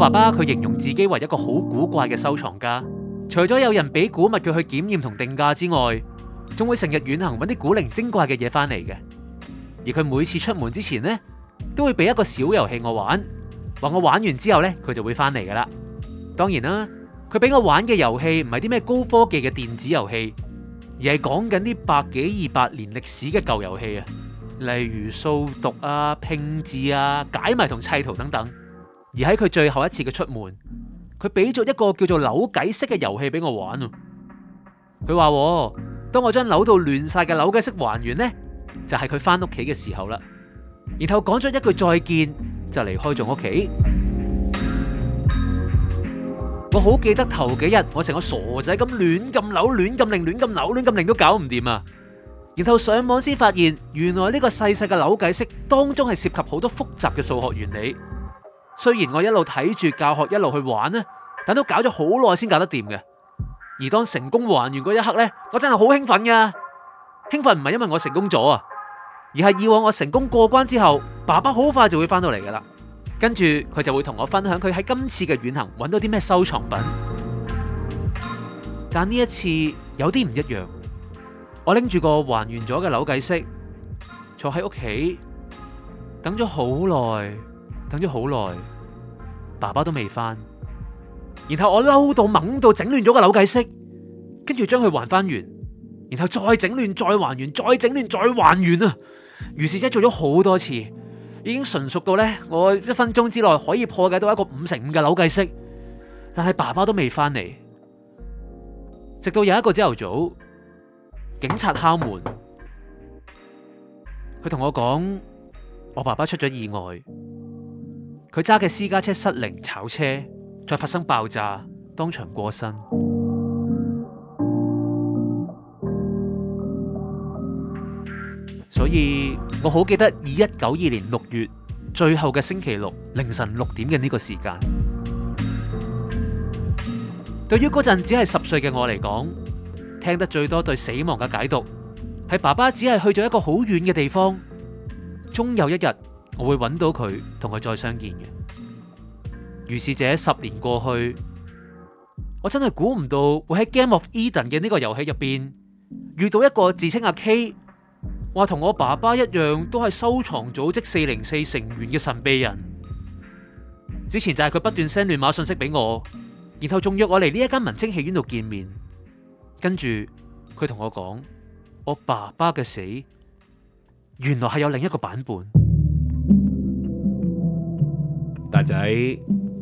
我爸爸佢形容自己為一個好古怪嘅收藏家，除咗有人俾古物佢去檢驗同定價之外，仲會成日遠行揾啲古靈精怪嘅嘢返嚟嘅。而佢每次出門之前呢，都會俾一個小遊戲我玩，話我玩完之後呢，佢就會返嚟噶啦。當然啦，佢俾我玩嘅遊戲唔係啲咩高科技嘅電子遊戲，而係講緊啲百幾二百年歷史嘅舊遊戲啊，例如數獨啊、拼字啊、解謎同砌圖等等。而喺佢最後一次嘅出門，佢俾咗一個叫做扭計骰嘅遊戲俾我玩啊！佢話：當我將扭到亂晒嘅扭計骰還原呢，就係佢返屋企嘅時候啦。然後講咗一句再見，就離開咗屋企。我好記得頭幾日，我成個傻仔咁亂咁扭、亂咁擰、亂咁扭、亂咁擰都搞唔掂啊！然後上網先發現，原來呢個細細嘅扭計骰當中係涉及好多複雜嘅數學原理。雖然我一路睇住教學，一路去玩咧，但都搞咗好耐先搞得掂嘅。而當成功還原嗰一刻咧，我真係好興奮噶！興奮唔係因為我成功咗啊，而係以往我成功過關之後，爸爸好快就會返到嚟噶啦。跟住佢就會同我分享佢喺今次嘅遠行揾到啲咩收藏品。但呢一次有啲唔一樣，我拎住個還原咗嘅扭計骰，坐喺屋企等咗好耐。等咗好耐，爸爸都未返，然後我嬲到懵到整亂咗個扭計骰，跟住將佢還翻完，然後再整亂再還原，再整亂再還原啊！於是即做咗好多次，已經純熟到呢。我一分鐘之內可以破解到一個五乘五嘅扭計骰，但係爸爸都未返嚟，直到有一個朝頭早，警察敲門，佢同我講，我爸爸出咗意外。佢揸嘅私家車失靈，炒車再發生爆炸，當場過身。所以我好記得，二一九二年六月最後嘅星期六凌晨六點嘅呢個時間，對於嗰陣只係十歲嘅我嚟講，聽得最多對死亡嘅解讀係爸爸只係去咗一個好遠嘅地方，終有一日。我會揾到佢，同佢再相見嘅。於是這，這十年過去，我真係估唔到會喺《Game of Eden》嘅呢個遊戲入邊遇到一個自稱阿 K，話同我爸爸一樣，都係收藏組織四零四成員嘅神秘人。之前就係佢不斷 send 亂碼信息俾我，然後仲約我嚟呢一間文青戲院度見面。着他跟住佢同我講，我爸爸嘅死原來係有另一個版本。仔，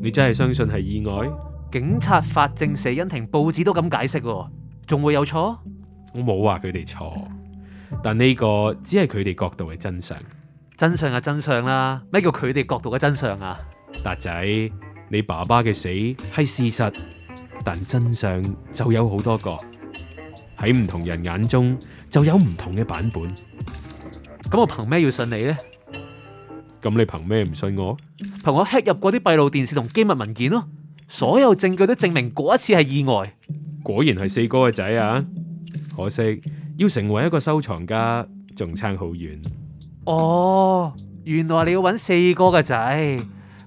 你真係相信係意外？警察、法證、死因庭、報紙都咁解釋，仲會有錯？我冇話佢哋錯，但呢個只係佢哋角度嘅真相。真相就係真相啦，咩叫佢哋角度嘅真相啊？達仔，你爸爸嘅死係事實，但真相就有好多個，喺唔同人眼中就有唔同嘅版本。咁我憑咩要信你呢？咁你憑咩唔信我？同我 hack 入過啲閉路電視同機密文件咯，所有證據都證明嗰一次係意外。果然係四哥嘅仔啊！可惜要成為一個收藏家，仲差好遠。哦，原來你要揾四哥嘅仔，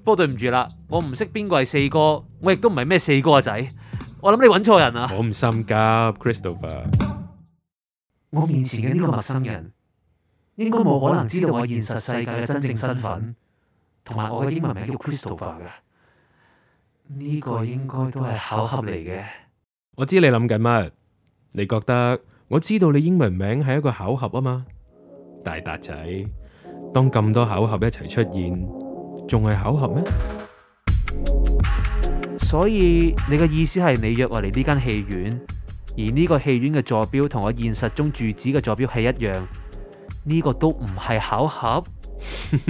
不過對唔住啦，我唔識邊個係四哥，我亦都唔係咩四哥嘅仔，我諗你揾錯人啦。我唔心急，Christopher。我面前嘅呢個陌生人，應該冇可能知道我現實世界嘅真正身份。同埋我嘅英文名叫 Christopher 嘅，呢個應該都係巧合嚟嘅。我知你諗緊乜，你覺得我知道你英文名係一個巧合啊嘛？大達仔，當咁多巧合一齊出現，仲係巧合咩？所以你嘅意思係你約我嚟呢間戲院，而呢個戲院嘅坐標同我現實中住址嘅坐標係一樣，呢個都唔係巧合。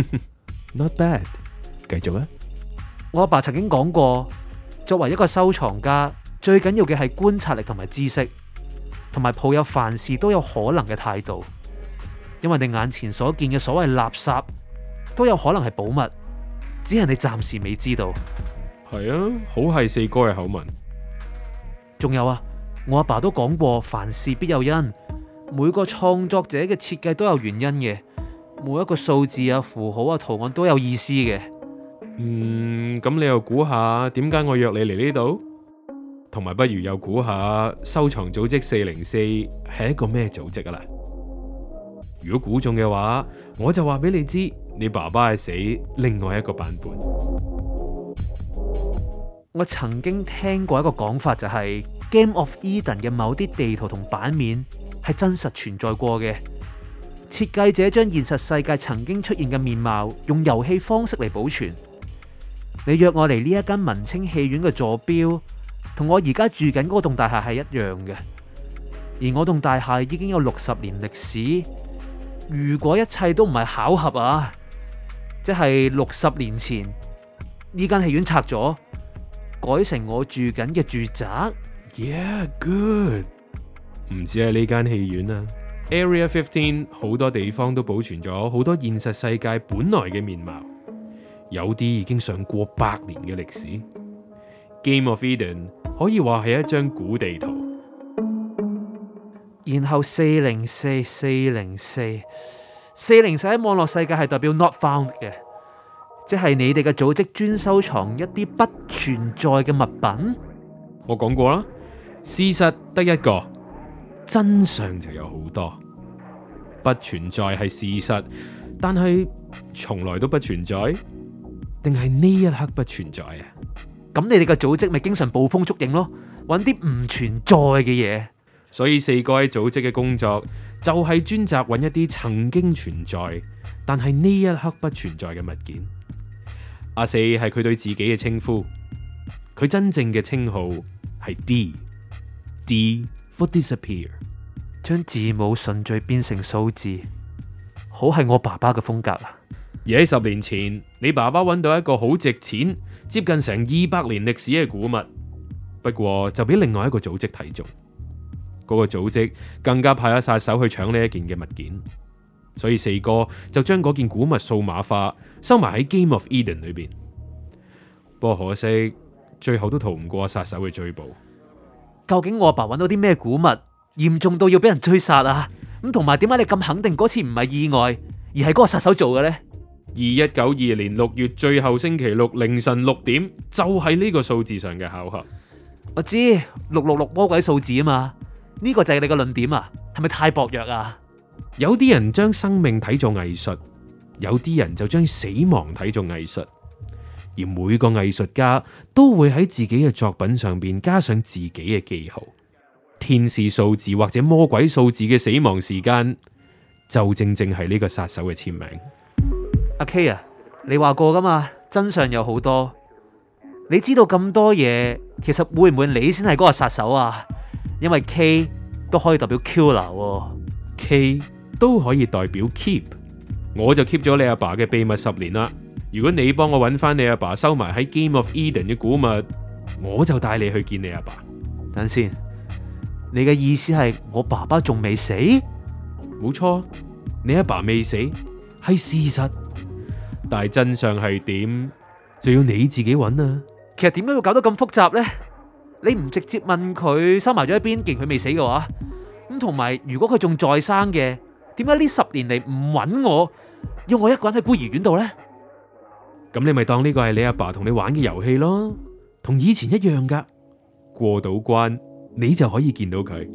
Not bad，繼續啊！我阿爸曾經講過，作為一個收藏家，最緊要嘅係觀察力同埋知識，同埋抱有凡事都有可能嘅態度，因為你眼前所見嘅所謂垃圾都有可能係寶物，只係你暫時未知道。係啊，好係四哥嘅口吻。仲有啊，我阿爸都講過，凡事必有因，每個創作者嘅設計都有原因嘅。每一個數字啊、符號啊、圖案都有意思嘅。嗯，咁你又估下點解我約你嚟呢度？同埋，不如又估下收藏組織四零四係一個咩組織㗎喇？如果估中嘅話，我就話俾你知，你爸爸係死另外一個版本。我曾經聽過一個講法，就係、是《Game of Eden》嘅某啲地圖同版面係真實存在過嘅。設計者將現實世界曾經出現嘅面貌，用遊戲方式嚟保存。你約我嚟呢一間文青戲院嘅坐標，同我而家住緊嗰棟大廈係一樣嘅。而我棟大廈已經有六十年歷史。如果一切都唔係巧合啊，即係六十年前呢間戲院拆咗，改成我住緊嘅住宅。Yeah, good。唔止係呢間戲院啊。Area 15好多地方都保存咗好多現實世界本來嘅面貌，有啲已經上過百年嘅歷史。Game of Eden 可以話係一張古地圖。然後四零四、四零四、四零四喺網絡世界係代表 Not Found 嘅，即係你哋嘅組織專收藏一啲不存在嘅物品。我講過啦，事實得一個。真相就有好多，不存在係事實，但係從來都不存在，定係呢一刻不存在啊？咁你哋嘅組織咪經常捕風捉影咯，揾啲唔存在嘅嘢。所以四哥喺組織嘅工作就係、是、專責揾一啲曾經存在，但係呢一刻不存在嘅物件。阿、啊、四係佢對自己嘅稱呼，佢真正嘅稱號係 D D。or disappear，將字母順序變成數字，好係我爸爸嘅風格啦。而喺十年前，你爸爸揾到一個好值錢、接近成二百年歷史嘅古物，不過就俾另外一個組織睇中，嗰個組織更加派咗殺手去搶呢一件嘅物件，所以四哥就將嗰件古物數碼化，收埋喺《Game of Eden》裏邊。不過可惜，最後都逃唔過殺手嘅追捕。究竟我阿爸揾到啲咩古物，嚴重到要俾人追殺啊？咁同埋，點解你咁肯定嗰次唔係意外，而係嗰個殺手做嘅呢？二一九二年六月最後星期六凌晨六點，就係呢個數字上嘅巧合。我知六六六魔鬼數字啊嘛，呢個就係你嘅論點啊？係咪太薄弱啊？有啲人將生命睇做藝術，有啲人就將死亡睇做藝術。而每個藝術家都會喺自己嘅作品上邊加上自己嘅記號，天使數字或者魔鬼數字嘅死亡時間，就正正係呢個殺手嘅簽名。阿 K 啊，你話過㗎嘛？真相有好多，你知道咁多嘢，其實會唔會你先係嗰個殺手啊？因為 K 都可以代表 kill，K 都可以代表 keep，我就 keep 咗你阿爸嘅秘密十年啦。如果你幫我揾翻你阿爸收埋喺《Game of Eden》嘅古物，我就帶你去見你阿爸。等先，你嘅意思係我爸爸仲未死？冇錯，你阿爸未死係事實，但係真相係點就要你自己揾啊。其實點解要搞得咁複雜咧？你唔直接問佢收埋咗喺邊，勁佢未死嘅話，咁同埋如果佢仲再生嘅，點解呢十年嚟唔揾我，要我一個人喺孤兒院度咧？咁你咪當呢個係你阿爸同你玩嘅遊戲咯，同以前一樣噶。過到關，你就可以見到佢，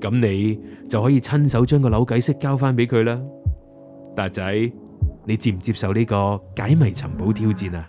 咁你就可以親手將個扭計骰交翻俾佢啦。達仔，你接唔接受呢個解謎尋寶挑戰啊？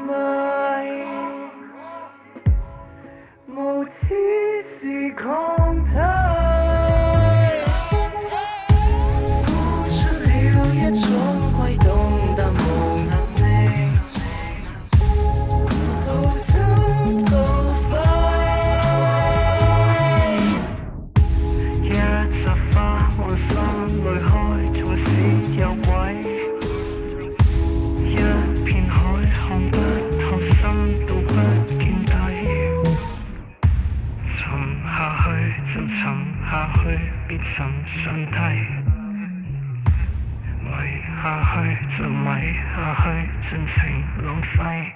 下去就咪下去，盡情浪費。